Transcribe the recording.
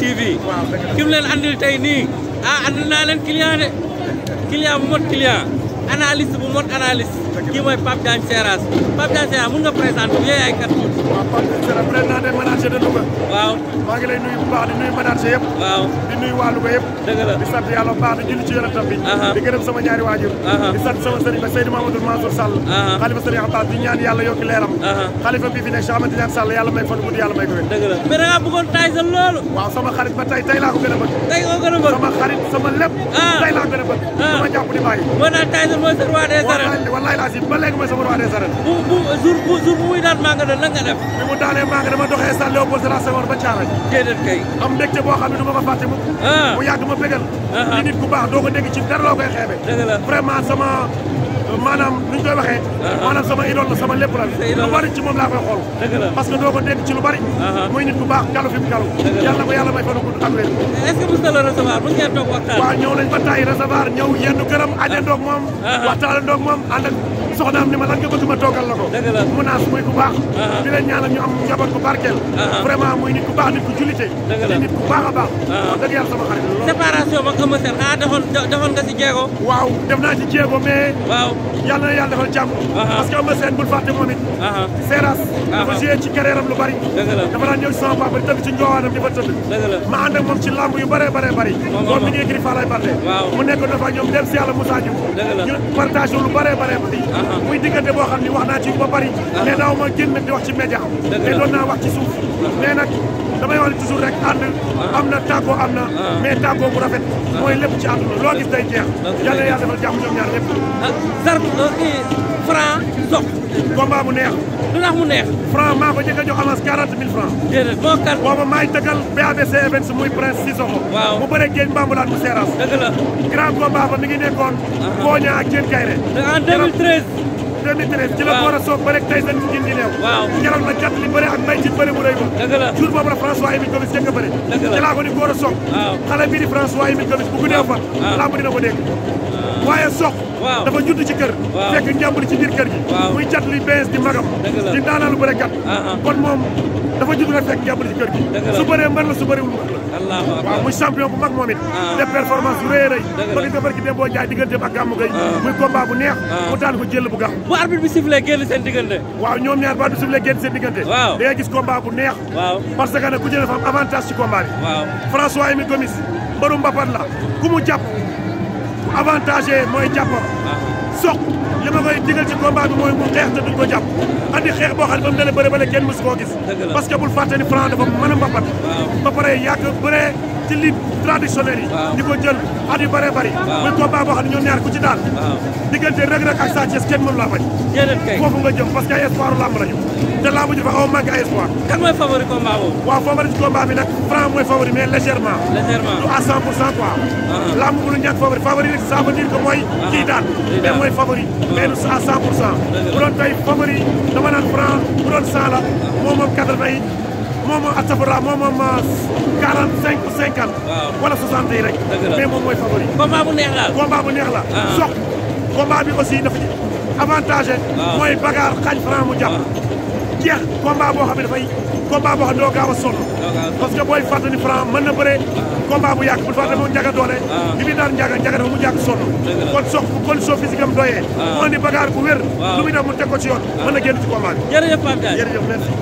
TV ki mu andil tey nii ah, andil naa leen client de client bu analyste bu mot analyste. kii mooy Pape Diagne Seras Pape Diagne Seras mun nga présenter yooyu ay kat tuuti. waaw Pape Diagne Seras président des managers de Louga. waaw maa ngi lay nuyu bu baax di nuyu manager yëpp. waaw di nuyu waa Louga yëpp. dëgg la di sant yàlla bu baax di julli ci yonentam bi. di gërëm sama ñaari waajur. di sant sama sëriñ ba Seydou Mamadou Mansour Sall. xalifa sëriñ Abbas di ñaan yàlla yokki leeram. xalifa bi fi nekk Cheikh Amadou Niane Sall yàlla may fan guddi yàlla may ko wér. dëgg la mais da ngaa bëggoon tay sa loolu. waaw sama xarit ba tay tay laa ko gën a bëgg. tay ko gën a bëgg sama xarit sama lépp. Ah. tay laa ko gën a bëgg. sama ah. jàpp di bàyyi. moo tax tay Tyson mooy sa roi des arènes. wallaay laa si ba léegi mooy sama roi des arènes. bu bu jour bu jour bu muy daan maa nga doon lan nga def. bi mu daanee maa nga dama doxee stade Léopold Sédar ba Thiaroye. déedéet kay. am mbégte boo xam ne du ma ko fàtte mukk. Ah. mu ma bégal. Ah. ni nit ku baax doo ko dégg ci dara loo koy xeebe. dëgg sama. maanaam nu ñu koy waxee maanaam sama idol la sama lépp la lu bari ci moom laa koy xool parce que doo ko dégg ci lu bari muy nit bu baax galu fi mu galu yàlla ko yàlla may fana ko ak wér est-ce que mos na la recevoir bu ngeen toog waxtaan waaw ñëw nañ ba tàyyi recevoir ñëw yenn këram aje ndoog moom waxtaan ndoog moom ànd ak soxnaam ni ma lan nga bëgg ma toogal la ko mu naas muy ku baax di leen ñaanal ñu am njaboot bu barkeel vraiment muy nit ku baax nit ku julite di nit ku baax a baax wax dëgg yàlla sama xarit séparation ba Eumeu Sène xanaa ah, doxoon doxoon nga si jéego waaw def naa ci jéego mais waaw yàlla na yàlla defal jàmm parce que ama seen bul fàtte moom it seeraas dafa joué ci carrière lu bari dafa daan ñëw ci sama papa di tëdd ci njoowaanam di fa tëdd ma ànd ak ci lamb yu bëree bëree bëri moom mi ngi gri falay barde mu nekk na fa ñoom dem si yàlla Moussa Diouf ñu partage lu bëree bëree bëri muy diggante boo xam ni wax naa ci ba bëri mais daaw ma génn di wax ci média mais doon naa wax ci suuf mais nag damay wax toujours rek ànd am na tàggoo am na mais tàggoo bu rafet mooy lépp ci àdduna loo gis day jeex yàlla yàlla defal jàmm Euh, franc soq. combat bu neex. lu tax mu neex. franc maa ko njëkk a jox avance 40 000 francs. déedéet moo kat. muy prince Sissoko. waaw mu bëre Diène Bambulaan mu Seras. dëgg la grand combat ba mi ngi nekkoon. Koña ak Diène Kairé. 2013 ci la war a soog ba rek tey seen ci gindi leew waaw keroog nag kat li bëri ak may ci bëri a bëri ni góor a soog xale bi di François Émile Gomis bu guddee fan làmb dina ko dégg waaye sox dafa judd ci kër fekk njàmbur ci biir kër muy cat li di magam di daanalu bëri kat ah, ah. kon moom dafa jug rek fekk jàppale ci kër gi su bëree mbër la su bëriwul mbër la muy champion bu mag moom it ah. def bu rëy rëy ba gis nga barki Dembo Njaay digganteem ak Gamou Gueye ah. muy combat bu neex ah. mu daan ko jël bu gaaw bu arbitre bi sifflé génn seen diggante waaw ñoom ñaar ba du sifflé génn seen diggante da ngay gis combat bu neex parce que nag ku avantage ci combat bi François Émile Gomis mbëru mbapat la ku mu jàpp avantage mooy jàppam soq li ma koy digal ci combat bi mooy mu xeex te duñ ko jàpp andi xeex boo xam ne ba mu dalee bëre ba léegi kenn mësu koo gis parce que bul fàtte ni Franc dafa mën a mbapat ba pare yàgg bëree ci lutte traditionnelle yi. waaw di ko jël at yu bëree bëri. waaw muy combat boo ñoom ñaar ku ci daal. waaw diggante Reug Reug ak Sa kenn mënu laa bañ. déedéet jëm parce que ay espoir lamb lañu. fa xaw a manqué waaw favori ci combat bi nag Franc mooy favori mais légèrement. légèrement du à 100 pour cent quoi. Ah. lamb bu lu ñàkk favori favori rek ça veut dire que mooy. Ah. kii daal mais mooy favori. mais du à 100 pour cent. bu doon tey favori dama naan Franc bu doon 100 la moom moom moom mooy astafurlah moom moom 45 ou 50. wala 60 yi rek. mais moom mooy favori. combat neex la. combat bu neex la. Ah. soq combat bi ah. mooy bagaar xañ franc mu jàpp. Ah. jeex combat boo xam ne dafay combat boo xam ne doo gaaw a parce que booy fàttali franc mën na bëre. combat bu yàgg bu fàttali moom njaga doole. li muy daan njaga njaga mu jàgg sonn. kon soq bu condition physique am doyee. mu andi bagaar bu wér. lu muy def mu teg ci yoon. mën na